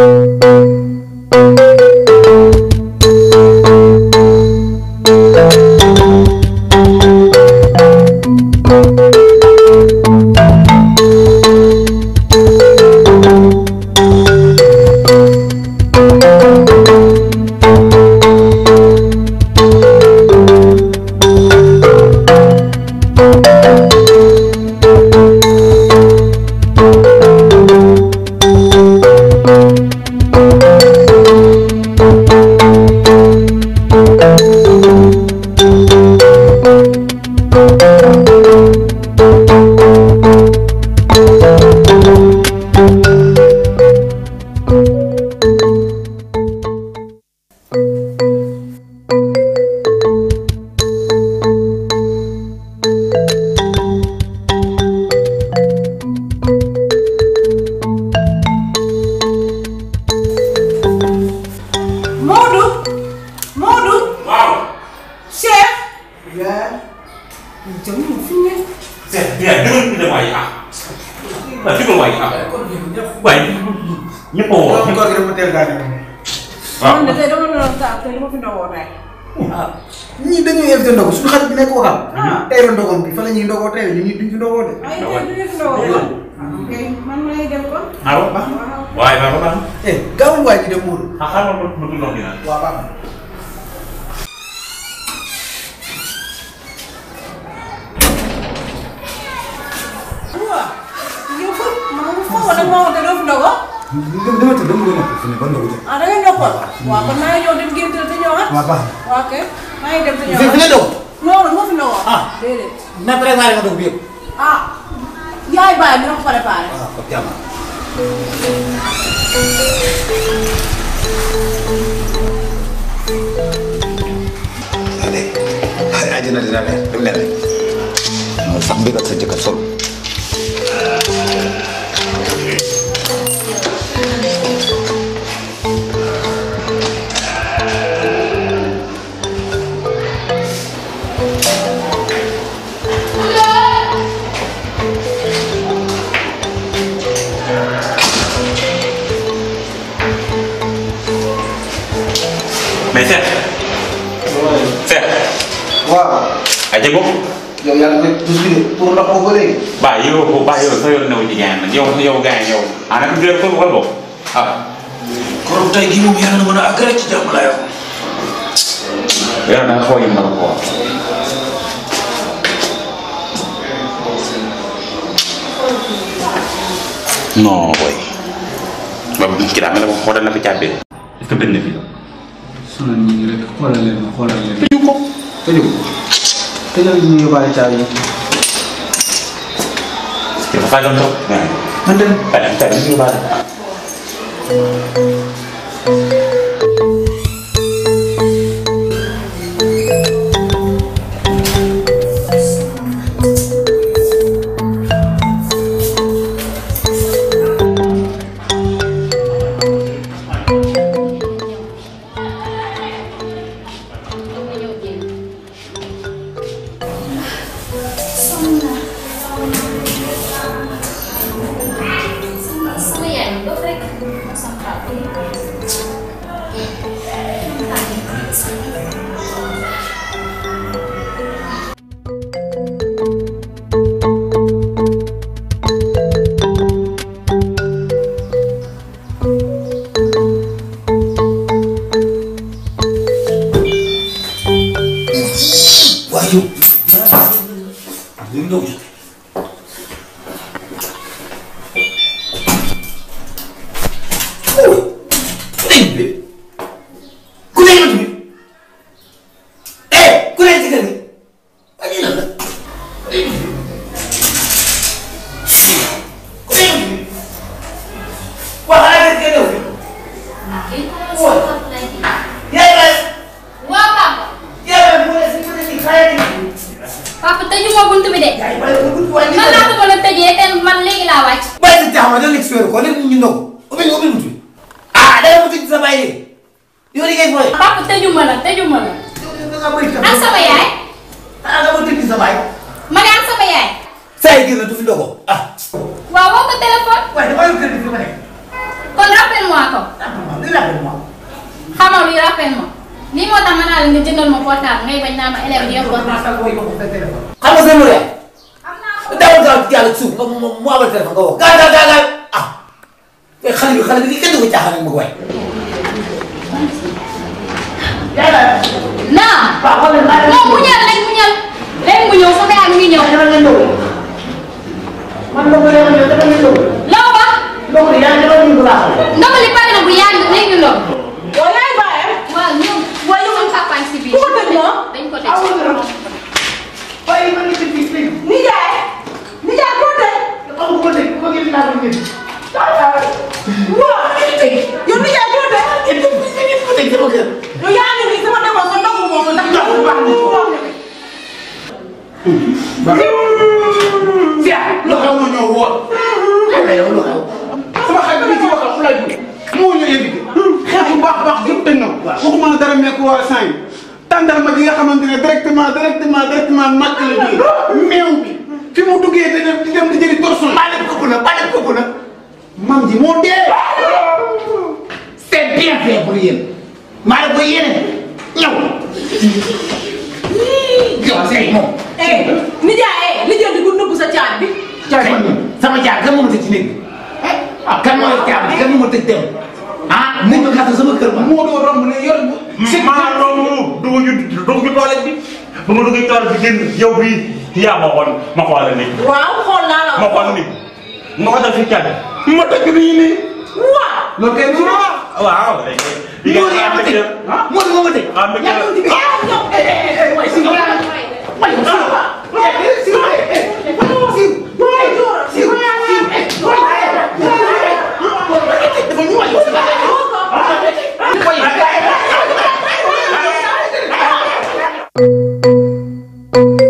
Thank you. seet bi daal déglu ñu dem waaye ah. waaw déglu waaye ah. waaye ñëpp a woo. waaw kooku dafa teel daa ñëw. waaw man de tey dama doon saa tey dama fi ndogoo tey. waaw ñii dañuy invité ndogu suñu xarit bi nekk ko xam. tey la ndogoon bi fa la ñuy ndogoo tey ñun duñ fi ndogoo de. ay tey duñ man ma lay dem ko. waaw waaw waaye baax na baax na. eh gaawul waay ji de muur. ah xaaral ma ma tudd ndox mi naan. waaw baax na. ko nag moo ko te doo fi ndogo. dama tëdd dama bëgg a noppi fi ne ba ndogu jot. ah da ngay noppal. waaw kon naa ñëw dem géntal te ñëwaat. waaw baax na waaw kay maa ngi dem te ñëwaat. fi nga doog. non moo fi ndogoo. ah déedéet. na préparé nga dog bi yëpp. ah yaay bàyyi dina ko préparé. waaw kon jàmm. allez. xëy na dina dina leer du leer rek. mu sax mbigal sa jëkkër solo. Mày xem Xem Wow Aja bu Yo yang itu turun aku boleh. Bayu, bu bayu, saya nak ujian. Yo, yo gay yo. Anak dia tu bukan bu. Ah. Kalau tak gini biar mana agak tidak melayu. Ya, nak kau yang malu. non way ba là daa mel ko xoolal na fi càbbee est ce que bind fi sono nyingire kola lema kola lema tejuko tejuko tejuko nyingi bari cari kita fadon to mana fadon fadon nyingi bari Thank you. có feere ko len ñu ndaw omin omin mutu ah da mutu ci sa baye yow li ngay foy papa tejuma la tejuma la ak sama yaay ah da mutu ci sa baye ma nga ak sao vậy? say gëna du fi dogo ah waaw woo ko téléphone waaye dama yor kër bi ma nekk kon rappel moi ko li rappel moi xamal li rappel moi lii moo tax ma naa la nga jëndal ma portable ngay bañ naa ma élève yëpp portable xam nga sa mur yaa dawal gaaw ci yàlla suuf nga mu abal téléphone nga woo gaaw gaaw gaaw xale bi xale bi kenn du ko caaxaan ma ko waay. yàlla. naa. waaw xoolal maa nemmeeku waa Sane tàndarma gi nga xamante ne directement directement directement màkk la jógee meew bi fi mu duggee te dem di dem di jëli torson. bàyyi ko na bàyyi ko na mam ji moo dee. c'est bien fait pour yéen maa ko yéene ñëw. yow Seydou moom. nijaay li jënd bu nëbb sa caat bi. caat bi sama caat kan moo ma tëj ci néeg eh? ah kan moo ma tëj dem. ah nañ ma gàttal sama kër ba moo doo romb ne yor. si maa romb dugg ñu dugg ñu toilette bi ba ma duggee toilette bi génn yow bii yaa ma xool ma xoolal ni. waaw xool naa la ma xool ni ma ko def si càgg. ma dëkk nii nii. waaw loolu kay mu wax. waaw léegi. li nga xam ne tey moo di ma ko tey. ah mais thank you